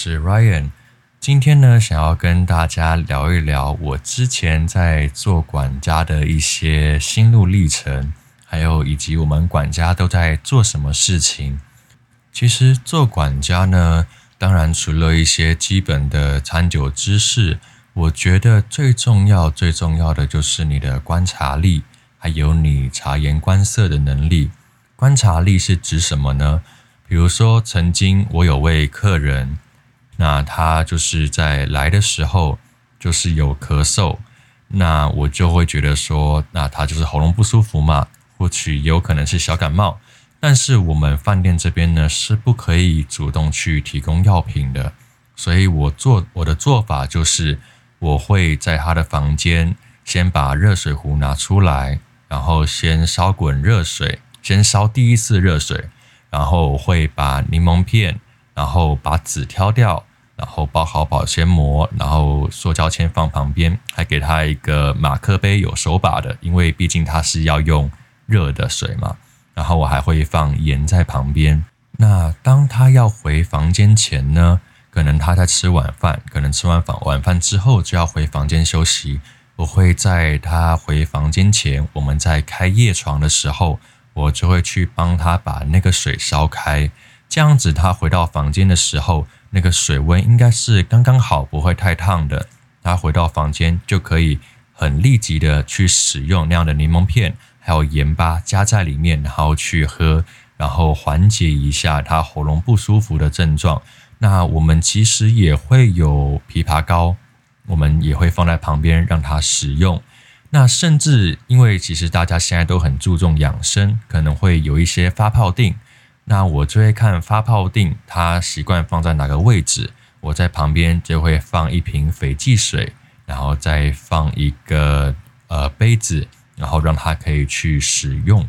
是 Ryan，今天呢，想要跟大家聊一聊我之前在做管家的一些心路歷程，還有以及我們管家都在做什麼事情。其實做管家呢，當然除了一些基本的餐酒知識，我覺得最重要最重要的就是你的觀察力，還有你察言觀色的能力。觀察力是指什麼呢？比如說，曾經我有位客人。那他就是在來的時候就是有咳嗽，那我就會覺得說，那他就是喉嚨不舒服嘛，或許有可能是小感冒。但是我們飯店這邊呢是不可以主動去提供藥品的，所以我做我的做法就是，我會在他的房間先把熱水壺拿出來，然後先燒滾熱水，先燒第一次熱水，然後我會把檸檬片，然後把籽挑掉。然後包好保鮮膜，然後塑膠籤放旁邊，還給他一個馬克杯，有手把的，因為畢竟他是要用熱的水嘛。然後我還會放鹽在旁邊。那當他要回房間前呢，可能他在吃晚飯，可能吃完飯晚飯之後就要回房間休息。我會在他回房間前，我們在開夜床的時候，我就會去幫他把那個水燒開。這樣子，他回到房間的時候，那個水溫應該是剛剛好，不會太燙的。他回到房間就可以很立即的去使用那樣的檸檬片，還有鹽巴加在裡面，然後去喝，然後緩解一下他喉嚨不舒服的症狀。那我們其實也會有枇杷膏，我們也會放在旁邊讓他使用。那甚至因為其實大家現在都很注重養生，可能會有一些發泡錠。那我就會看發泡錠，他習慣放在哪個位置，我在旁邊就會放一瓶斐濟水，然後再放一個呃杯子，然後讓他可以去使用。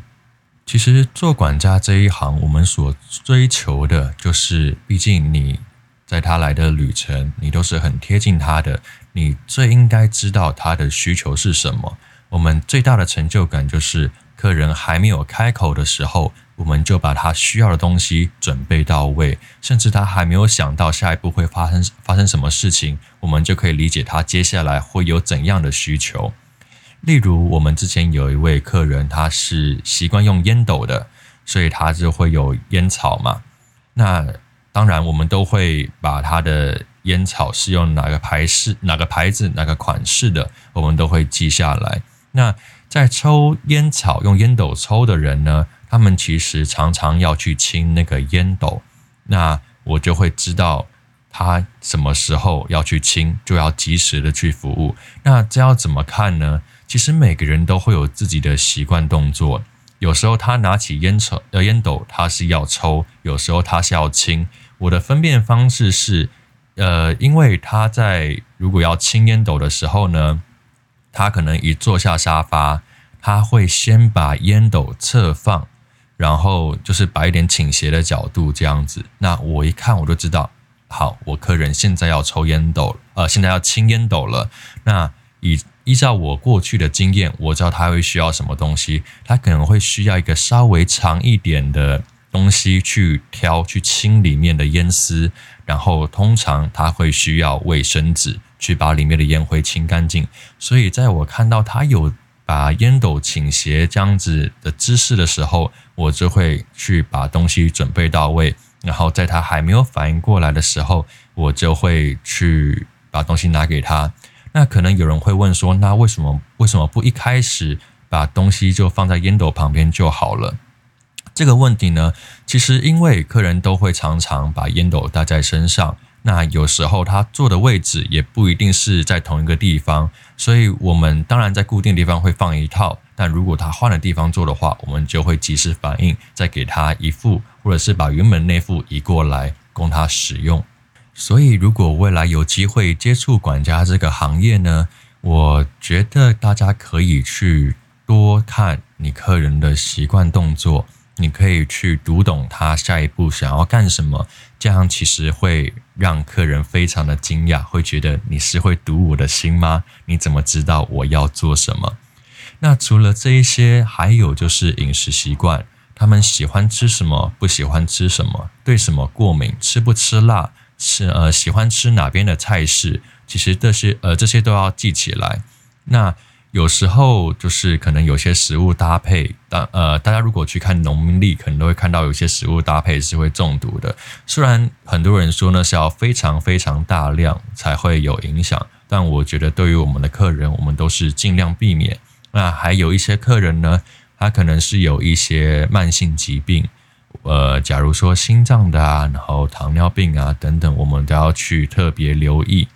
其實做管家這一行，我們所追求的就是，畢竟你在他來的旅程，你都是很貼近他的，你最應該知道他的需求是什麼。我們最大的成就感就是。客人還沒有開口的時候，我們就把他需要的東西準備到位，甚至他還沒有想到下一步會發生發生什麼事情，我們就可以理解他接下來會有怎樣的需求。例如，我們之前有一位客人，他是習慣用煙斗的，所以他就會有煙草嘛。那當然，我們都會把他的煙草是用哪個牌是、哪個牌子、哪個款式的，我們都會記下來。那。在抽煙草、用煙斗抽的人呢，他們其實常常要去清那個煙斗，那我就會知道他什麼時候要去清，就要及時的去服務。那這要怎麼看呢？其實每個人都會有自己的習慣動作，有時候他拿起煙煙斗，他是要抽；有時候他是要清。我的分辨方式是，呃，因為他在如果要清煙斗的時候呢。他可能一坐下沙發，他會先把煙斗側放，然後就是擺一點傾斜的角度這樣子。那我一看我就知道，好，我客人現在要抽煙斗了，呃，現在要清煙斗了。那以依照我過去的經驗，我知道他會需要什麼東西。他可能會需要一個稍微長一點的東西去挑去清裡面的煙絲，然後通常他會需要衛生紙。去把裡面的煙灰清乾淨。所以，在我看到他有把煙斗傾斜這樣子的姿勢的時候，我就會去把東西準備到位。然後，在他還沒有反應過來的時候，我就會去把東西拿給他。那可能有人會問說，那為什麼為什麼不一開始把東西就放在煙斗旁邊就好了？這個問題呢，其實因為客人都會常常把煙斗帶在身上。那有時候他坐的位置也不一定是在同一個地方，所以我們當然在固定地方會放一套，但如果他換的地方坐的話，我們就會及時反應，再給他一副，或者是把原本那副移過來供他使用。所以，如果未來有機會接觸管家這個行業呢，我覺得大家可以去多看你客人的習慣動作，你可以去讀懂他下一步想要幹什麼。這樣其實會讓客人非常的驚訝，會覺得你是會讀我的心嗎？你怎麼知道我要做什麼？那除了這一些，還有就是飲食習慣，他們喜歡吃什麼，不喜歡吃什麼，對什麼過敏，吃不吃辣，吃呃喜歡吃哪邊的菜式，其實這些呃這些都要記起來。那有時候就是可能有些食物搭配，當呃大家如果去看農曆，可能都會看到有些食物搭配是會中毒的。雖然很多人說呢是要非常非常大量才會有影響，但我覺得對於我們的客人，我們都是盡量避免。那還有一些客人呢，他可能是有一些慢性疾病，呃，假如說心臟的啊，然後糖尿病啊等等，我們都要去特別留意。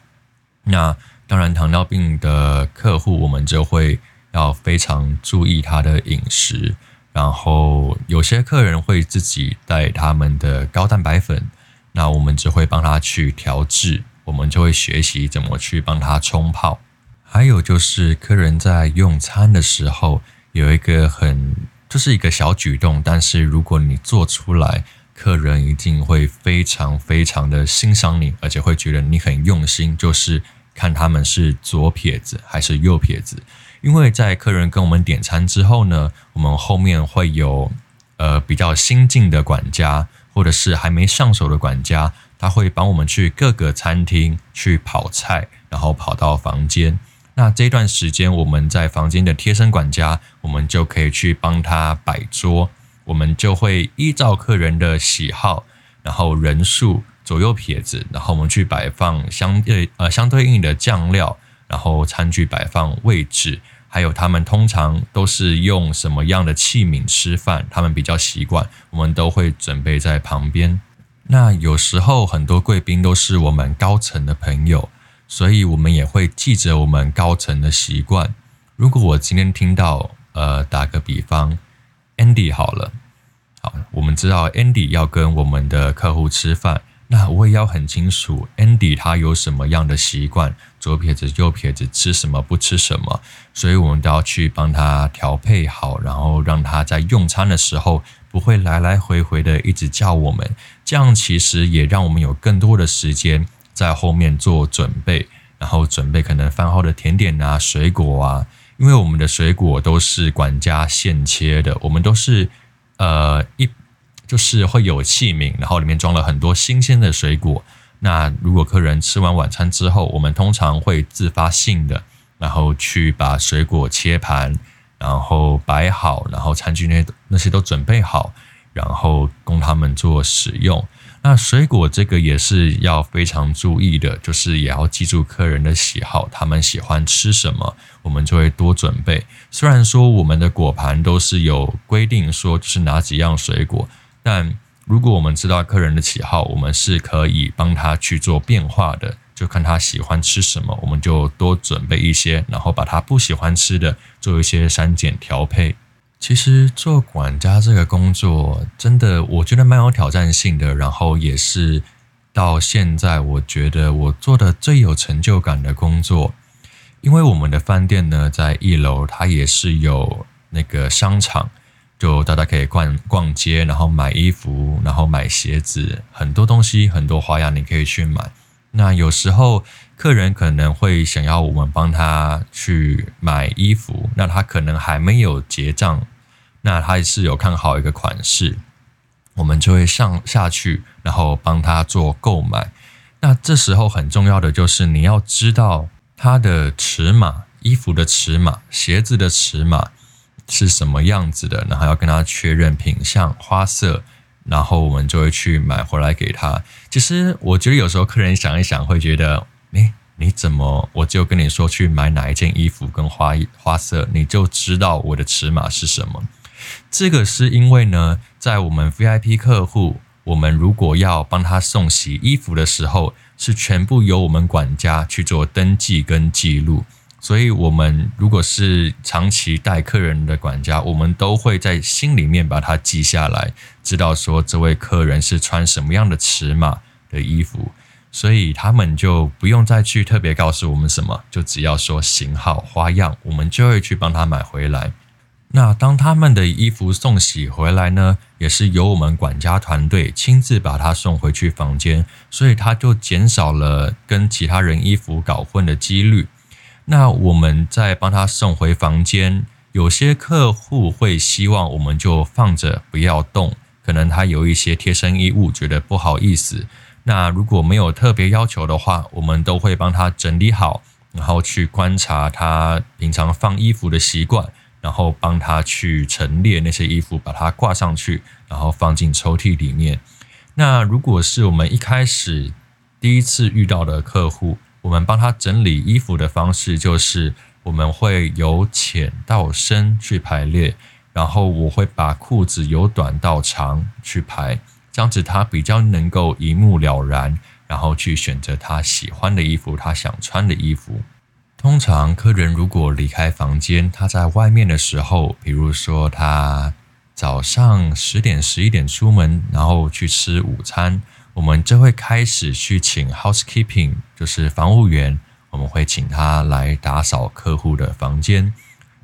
那。當然，糖尿病的客戶，我們就會要非常注意他的飲食。然後，有些客人會自己帶他們的高蛋白粉，那我們就會幫他去調製。我們就會學習怎麼去幫他沖泡。還有就是，客人在用餐的時候有一個很，就是一個小舉動，但是如果你做出來，客人一定會非常非常的欣賞你，而且會覺得你很用心。就是。看他們是左撇子還是右撇子，因為在客人跟我們點餐之後呢，我們後面會有呃比較新進的管家，或者是還沒上手的管家，他會幫我們去各個餐廳去跑菜，然後跑到房間。那這段時間我們在房間的貼身管家，我們就可以去幫他擺桌，我們就會依照客人的喜好，然後人數。左右撇子，然後我們去擺放相對呃相對應的醬料，然後餐具擺放位置，還有他們通常都是用什麼樣的器皿吃飯，他們比較習慣，我們都會準備在旁邊。那有時候很多貴賓都是我們高層的朋友，所以我們也會記着我們高層的習慣。如果我今天聽到呃，打個比方，Andy 好了，好，我們知道 Andy 要跟我們的客戶吃飯。那我也要很清楚，Andy 他有什麼樣的習慣，左撇子右撇子，吃什麼不吃什麼，所以我們都要去幫他調配好，然後讓他在用餐的時候不會來來回回的一直叫我們。這樣其實也讓我們有更多的時間在後面做準備，然後準備可能飯後的甜點啊、水果啊，因為我們的水果都是管家現切的，我們都是呃一。就是會有器皿，然後裡面裝了很多新鮮的水果。那如果客人吃完晚餐之後，我們通常會自發性的，然後去把水果切盤，然後擺好，然後餐具那那些都準備好，然後供他們做使用。那水果這個也是要非常注意的，就是也要記住客人的喜好，他們喜歡吃什麼，我們就會多準備。雖然說我們的果盤都是有規定說，就是哪幾樣水果。但如果我們知道客人的喜好，我們是可以幫他去做變化的。就看他喜歡吃什麼，我們就多準備一些，然後把他不喜歡吃的做一些刪減調配。其實做管家這個工作，真的我覺得蠻有挑戰性的。然後也是到現在，我覺得我做的最有成就感的工作，因為我們的飯店呢，在一樓，它也是有那個商場。就大家可以逛逛街，然後買衣服，然後買鞋子，很多東西，很多花樣，你可以去買。那有時候客人可能會想要我們幫他去買衣服，那他可能還沒有結賬，那他是有看好一個款式，我們就會上下去，然後幫他做購買。那這時候很重要的就是你要知道他的尺碼，衣服的尺碼，鞋子的尺碼。是什麼樣子的，然後要跟他確認品相、花色，然後我們就會去買回來給他。其實我覺得有時候客人想一想會覺得，哎，你怎麼，我就跟你說去買哪一件衣服跟花花色，你就知道我的尺碼是什麼？這個是因為呢，在我們 VIP 客戶，我們如果要幫他送洗衣服的時候，是全部由我們管家去做登記跟記錄。所以，我們如果是長期帶客人的管家，我們都會在心裡面把它記下來，知道說這位客人是穿什麼樣的尺碼的衣服，所以他們就不用再去特別告訴我們什麼，就只要說型號、花樣，我們就會去幫他買回來。那當他們的衣服送洗回來呢，也是由我們管家團隊親自把他送回去房間，所以他就減少了跟其他人衣服搞混的幾率。那我們再幫他送回房間，有些客戶會希望我們就放着不要動，可能他有一些貼身衣物覺得不好意思。那如果沒有特別要求的話，我們都會幫他整理好，然後去觀察他平常放衣服的習慣，然後幫他去陳列那些衣服，把它掛上去，然後放進抽屜裡面。那如果是我們一開始第一次遇到的客戶。我們幫他整理衣服的方式就是，我們會由淺到深去排列，然後我會把褲子由短到長去排，這樣子他比較能夠一目了然，然後去選擇他喜歡的衣服，他想穿的衣服。通常客人如果離開房間，他在外面的時候，比如說他早上十點、十一點出門，然後去吃午餐。我們就會開始去請 housekeeping，就是房務員，我們會請他來打掃客戶的房間。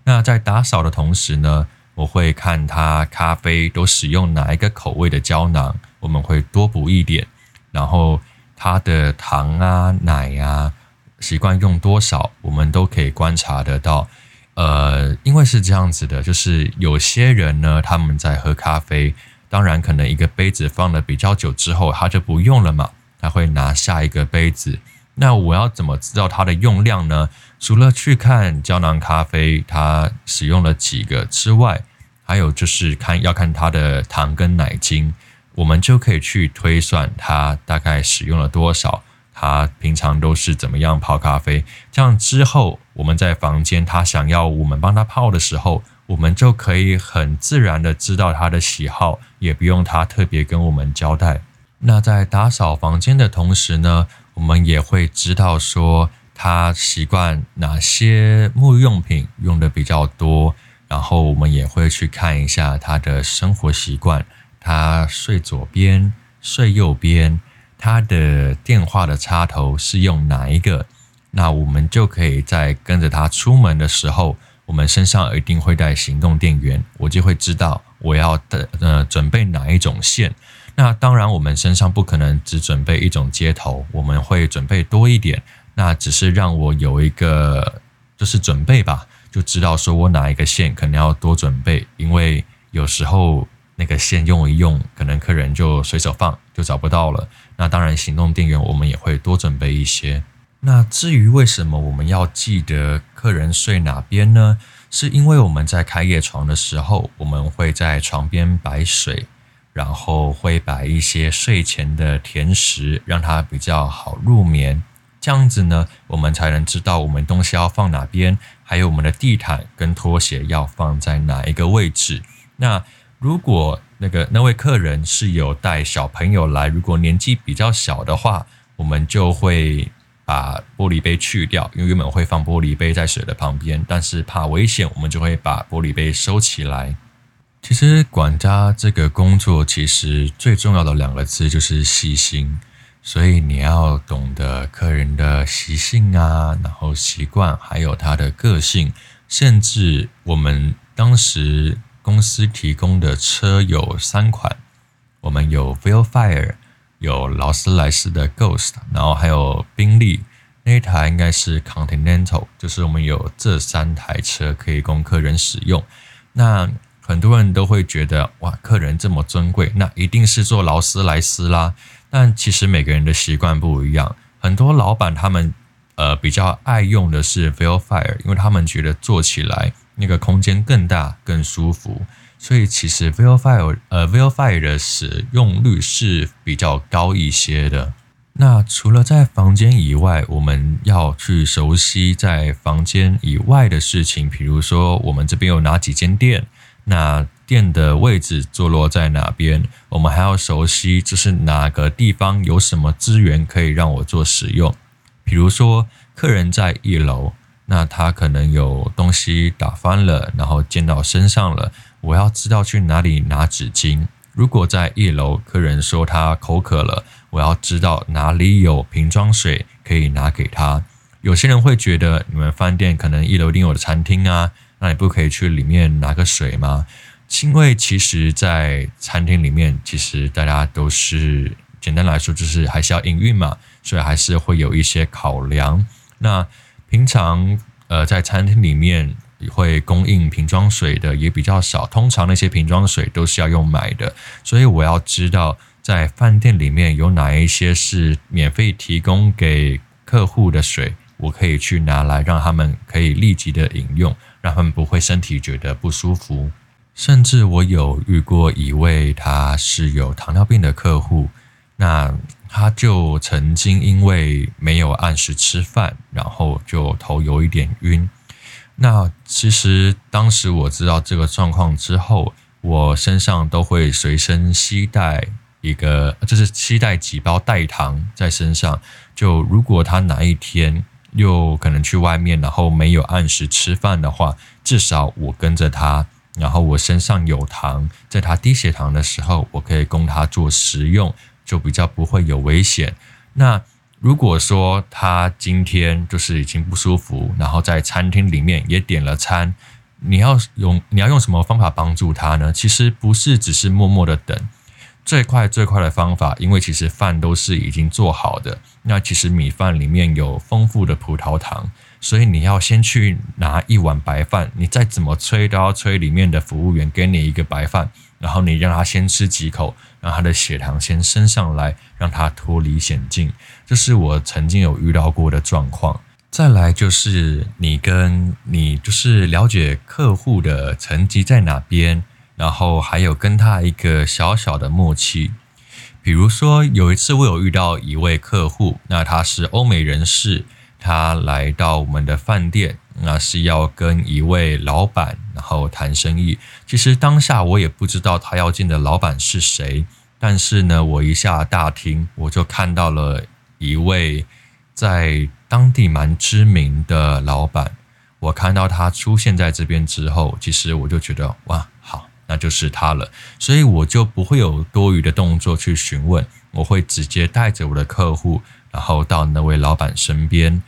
那在打掃的同時呢，我會看他咖啡都使用哪一個口味的膠囊，我們會多補一點。然後他的糖啊、奶啊習慣用多少，我們都可以觀察得到。呃，因為是這樣子的，就是有些人呢，他們在喝咖啡。當然，可能一個杯子放了比較久之後，它就不用了嘛。他會拿下一個杯子。那我要怎麼知道它的用量呢？除了去看膠囊咖啡它使用了幾個之外，還有就是看，要看它的糖跟奶精，我們就可以去推算它大概使用了多少。它平常都是怎麼樣泡咖啡？這樣之後，我們在房間他想要我們幫他泡的時候。我們就可以很自然的知道他的喜好，也不用他特別跟我們交代。那在打掃房間的同時呢，我們也會知道說他習慣哪些沐浴用品用的比較多，然後我們也會去看一下他的生活習慣，他睡左邊，睡右邊，他的電話的插頭是用哪一個？那我們就可以在跟着他出門的時候。我們身上一定會帶行動電源，我就會知道我要的呃準備哪一種線。那當然，我們身上不可能只準備一種接頭，我們會準備多一點。那只是讓我有一個就是準備吧，就知道說我哪一個線可能要多準備，因為有時候那個線用一用，可能客人就隨手放，就找不到了。那當然，行動電源我們也會多準備一些。那至於為什麼我們要記得客人睡哪邊呢？是因為我們在開夜床的時候，我們會在床邊擺水，然後會擺一些睡前的甜食，讓他比較好入眠。這樣子呢，我們才能知道我們東西要放哪邊，還有我們的地毯跟拖鞋要放在哪一個位置。那如果那個那位客人是有帶小朋友來，如果年紀比較小的話，我們就會。把玻璃杯去掉，因為原本會放玻璃杯在水的旁邊，但是怕危險，我們就會把玻璃杯收起來。其實管家這個工作，其實最重要的兩個字就是細心，所以你要懂得客人的習性啊，然後習慣，還有他的個性。甚至我們當時公司提供的車有三款，我們有 Vellfire。有勞斯萊斯的 Ghost，然後還有賓利，那一台應該是 Continental，就是我們有這三台車可以供客人使用。那很多人都會覺得，哇，客人這麼尊貴，那一定是坐勞斯萊斯啦。但其實每個人的習慣不一樣，很多老板他們呃比較愛用的是 Vellfire，因為他們覺得坐起來那個空間更大，更舒服。所以其實 vial file 呃 vial file 的使用率是比較高一些的。那除了在房間以外，我們要去熟悉在房間以外的事情，比如說我們這邊有哪幾間店，那店的位置坐落在哪邊，我們還要熟悉就是哪個地方有什麼資源可以讓我做使用。比如說客人在一樓，那他可能有東西打翻了，然後濺到身上了。我要知道去哪裡拿紙巾。如果在一樓，客人說他口渴了，我要知道哪裡有瓶裝水可以拿給他。有些人會覺得，你們飯店可能一樓一定有的餐廳啊，那你不可以去裡面拿個水嗎？因為其實，在餐廳裡面，其實大家都是簡單來說，就是還是要營運嘛，所以還是會有一些考量。那平常呃，在餐廳裡面。會供應瓶裝水的也比較少，通常那些瓶裝水都是要用買的，所以我要知道在飯店裡面有哪一些是免費提供給客戶的水，我可以去拿來讓他們可以立即的飲用，讓他們不會身體覺得不舒服。甚至我有遇過一位他是有糖尿病的客戶，那他就曾經因為沒有按時吃飯，然後就頭有一點暈。那其實當時我知道這個狀況之後，我身上都會隨身攜帶一個，就是攜帶幾包代糖在身上。就如果他哪一天又可能去外面，然後沒有按時吃飯的話，至少我跟着他，然後我身上有糖，在他低血糖的時候，我可以供他做食用，就比較不會有危險。那。如果說他今天就是已經不舒服，然後在餐廳裡面也點了餐，你要用你要用什麼方法幫助他呢？其實不是只是默默的等，最快最快的方法，因為其實飯都是已經做好的，那其實米飯裡面有豐富的葡萄糖，所以你要先去拿一碗白飯，你再怎麼催都要催裡面的服務員給你一個白飯，然後你讓他先吃幾口。讓他的血糖先升上來，讓他脫離險境，這是我曾經有遇到過的狀況。再來就是你跟你就是了解客戶的層級在哪邊，然後還有跟他一個小小的默契。比如說，有一次我有遇到一位客戶，那他是歐美人士，他來到我們的飯店，那是要跟一位老闆然後談生意。其實當下我也不知道他要見的老闆是誰。但是呢，我一下大廳，我就看到了一位在當地蠻知名的老闆。我看到他出現在這邊之後，其實我就覺得哇，好，那就是他了。所以我就不會有多餘的動作去詢問，我會直接帶着我的客戶，然後到那位老闆身邊。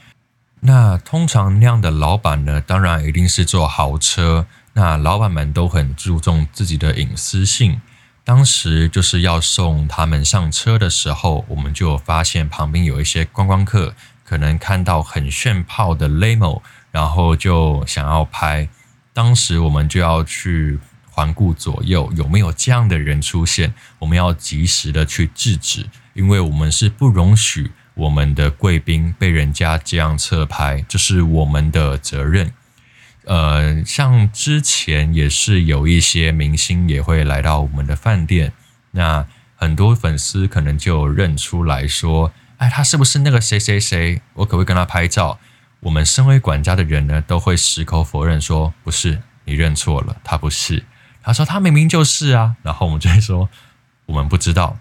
那通常那樣的老闆呢，當然一定是坐豪車。那老闆們都很注重自己的隱私性。當時就是要送他們上車的時候，我們就發現旁邊有一些觀光客，可能看到很炫炮的 Limo，然後就想要拍。當時我們就要去環顧左右，有沒有這樣的人出現，我們要及時的去制止，因為我們是不容許我們的貴賓被人家這樣側拍，這、就是我們的責任。呃，像之前也是有一些明星也會來到我們的飯店，那很多粉絲可能就認出來說：“哎，他是不是那個誰誰誰？我可不可以跟他拍照？”我們身為管家的人呢，都會矢口否認說：“不是，你認錯了，他不是。”他說：“他明明就是啊。”然後我們就會說：“我們不知道。”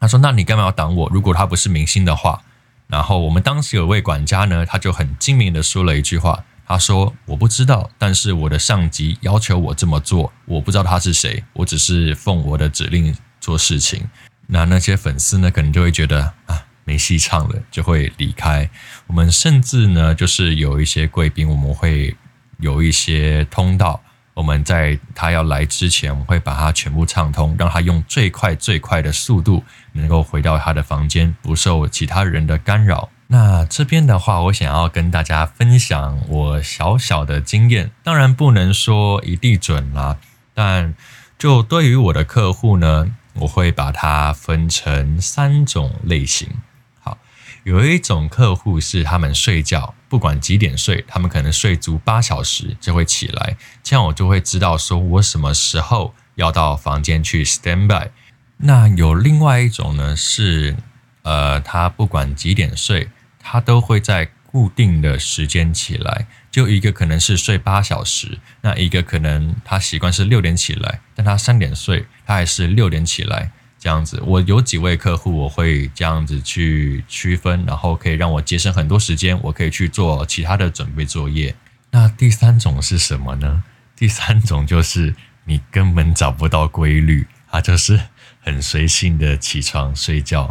他說：“那你幹嘛要擋我？如果他不是明星的話。”然後我們當時有位管家呢，他就很精明的說了一句話。他說：“我不知道，但是我的上級要求我這麼做。我不知道他是誰，我只是奉我的指令做事情。那那些粉絲呢，可能就會覺得啊，沒戲唱了，就會離開。我們甚至呢，就是有一些貴賓，我們會有一些通道，我們在他要來之前，我們會把他全部暢通，讓他用最快最快的速度，能夠回到他的房間，不受其他人的干擾。”那這邊的話，我想要跟大家分享我小小的經驗，當然不能說一定準啦，但就對於我的客戶呢，我會把它分成三種類型。好，有一種客戶是他們睡覺不管幾點睡，他們可能睡足八小時就會起來，這樣我就會知道說我什麼時候要到房間去 stand by。那有另外一種呢，是呃他不管幾點睡。他都會在固定的時間起來，就一個可能是睡八小時，那一個可能他習慣是六點起來，但他三點睡，他還是六點起來，這樣子。我有幾位客戶，我會這樣子去區分，然後可以讓我節省很多時間，我可以去做其他的準備作業。那第三種是什麼呢？第三種就是你根本找不到規律，他就是很隨性的起床睡覺。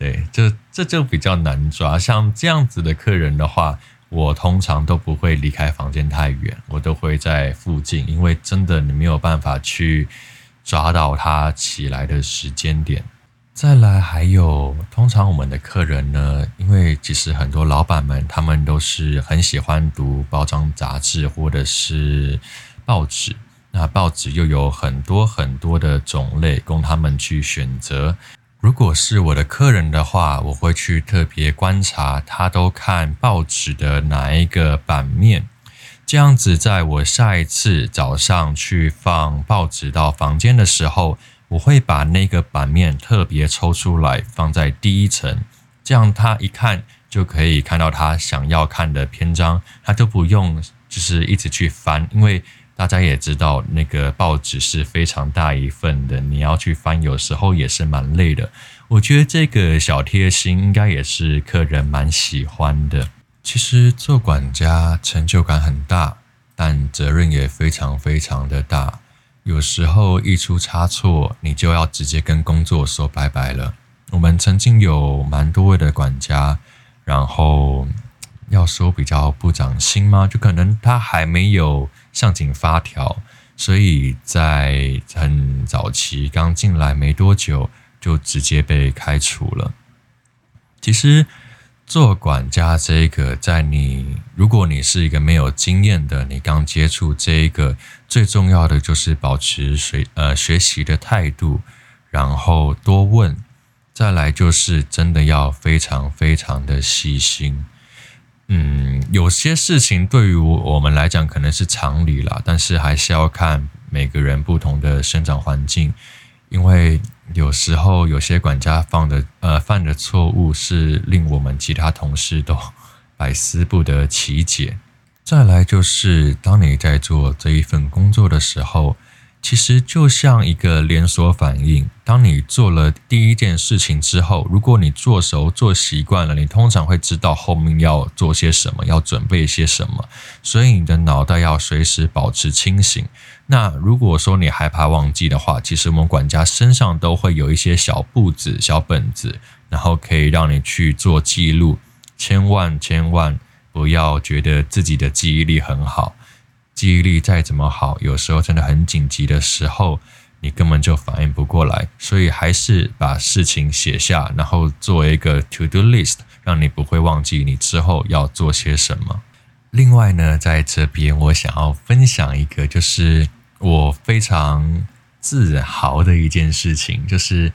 對，就這就比較難抓。像這樣子的客人的話，我通常都不會離開房間太遠，我都會在附近，因為真的你沒有辦法去抓到他起來的時間點。再來還有，通常我們的客人呢，因為其實很多老闆們他們都是很喜歡讀包裝雜誌或者是報紙，那報紙又有很多很多的種類供他們去選擇。如果是我的客人的話，我會去特別觀察他都看報紙的哪一個版面，這樣子在我下一次早上去放報紙到房間的時候，我會把那個版面特別抽出來放在第一層，這樣他一看就可以看到他想要看的篇章，他都不用就是一直去翻，因為。大家也知道，那個報紙是非常大一份的，你要去翻，有時候也是蠻累的。我覺得這個小貼心應該也是客人蠻喜歡的。其實做管家成就感很大，但責任也非常非常的大。有時候一出差錯，你就要直接跟工作說拜拜了。我們曾經有蠻多位的管家，然後要說比較不長心嗎？就可能他還沒有。上緊發條，所以在很早期剛進來沒多久，就直接被開除了。其實做管家這個，在你如果你是一個沒有經驗的，你剛接觸這一個，最重要的就是保持學呃學習的態度，然後多問，再來就是真的要非常非常的細心。嗯，有些事情對於我們來講可能是常理啦，但是還是要看每個人不同的生長環境，因為有時候有些管家犯的，呃，犯的錯誤是令我們其他同事都百思不得其解。再來就是，當你在做這一份工作的時候。其實就像一個連鎖反應，當你做了第一件事情之後，如果你做熟、做習慣了，你通常會知道後面要做些什麼，要準備些什麼。所以你的腦袋要隨時保持清醒。那如果說你害怕忘記的話，其實我們管家身上都會有一些小簿子、小本子，然後可以讓你去做記錄。千萬千萬不要覺得自己的記憶力很好。記憶力再怎麼好，有時候真的很緊急的時候，你根本就反應不過來。所以還是把事情寫下，然後做一個 to do list，讓你不會忘記你之後要做些什麼。另外呢，在這邊我想要分享一個，就是我非常自豪的一件事情，就是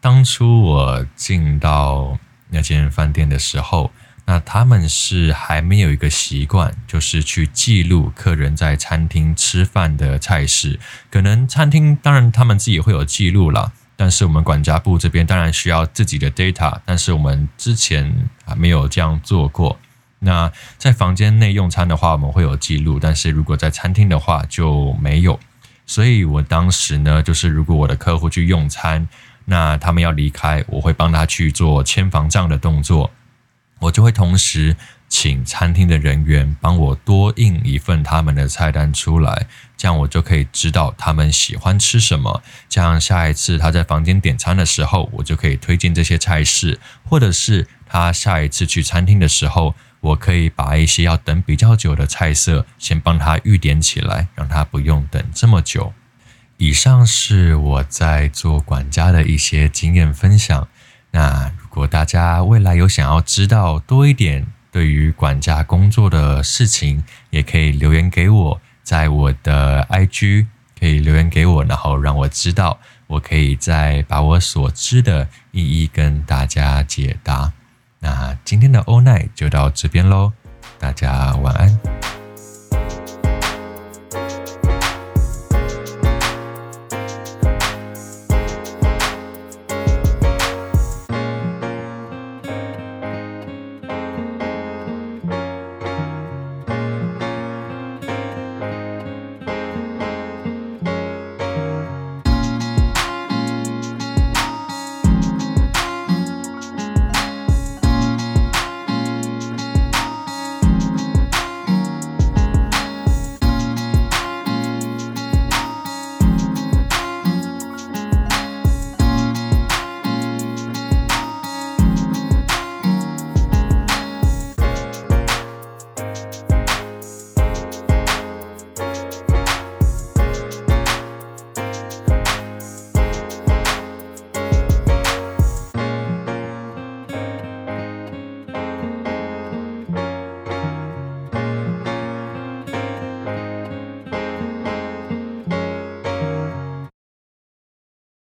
當初我進到那間飯店的時候。那他們是還沒有一個習慣，就是去記錄客人在餐廳吃飯的菜式。可能餐廳當然他們自己會有記錄啦，但是我們管家部這邊當然需要自己的 data，但是我們之前還沒有這樣做過。那在房間內用餐的話，我們會有記錄，但是如果在餐廳的話就沒有。所以我當時呢，就是如果我的客戶去用餐，那他們要離開，我會幫他去做簽房賬的動作，我就會同時請餐廳的人員幫我多印一份他們的菜單出來，這樣我就可以知道他們喜歡吃什麼。這樣下一次他在房間點餐的時候，我就可以推薦這些菜式；或者是他下一次去餐廳的時候，我可以把一些要等比較久的菜色先幫他預點起來，讓他不用等這麼久。以上是我在做管家的一些經驗分享。那如果大家未來有想要知道多一點對於管家工作的事情，也可以留言給我，在我的 IG 可以留言給我，然後讓我知道，我可以再把我所知的一一跟大家解答。那今天的 OWL NIGHT 就到這邊嘍，大家晚安。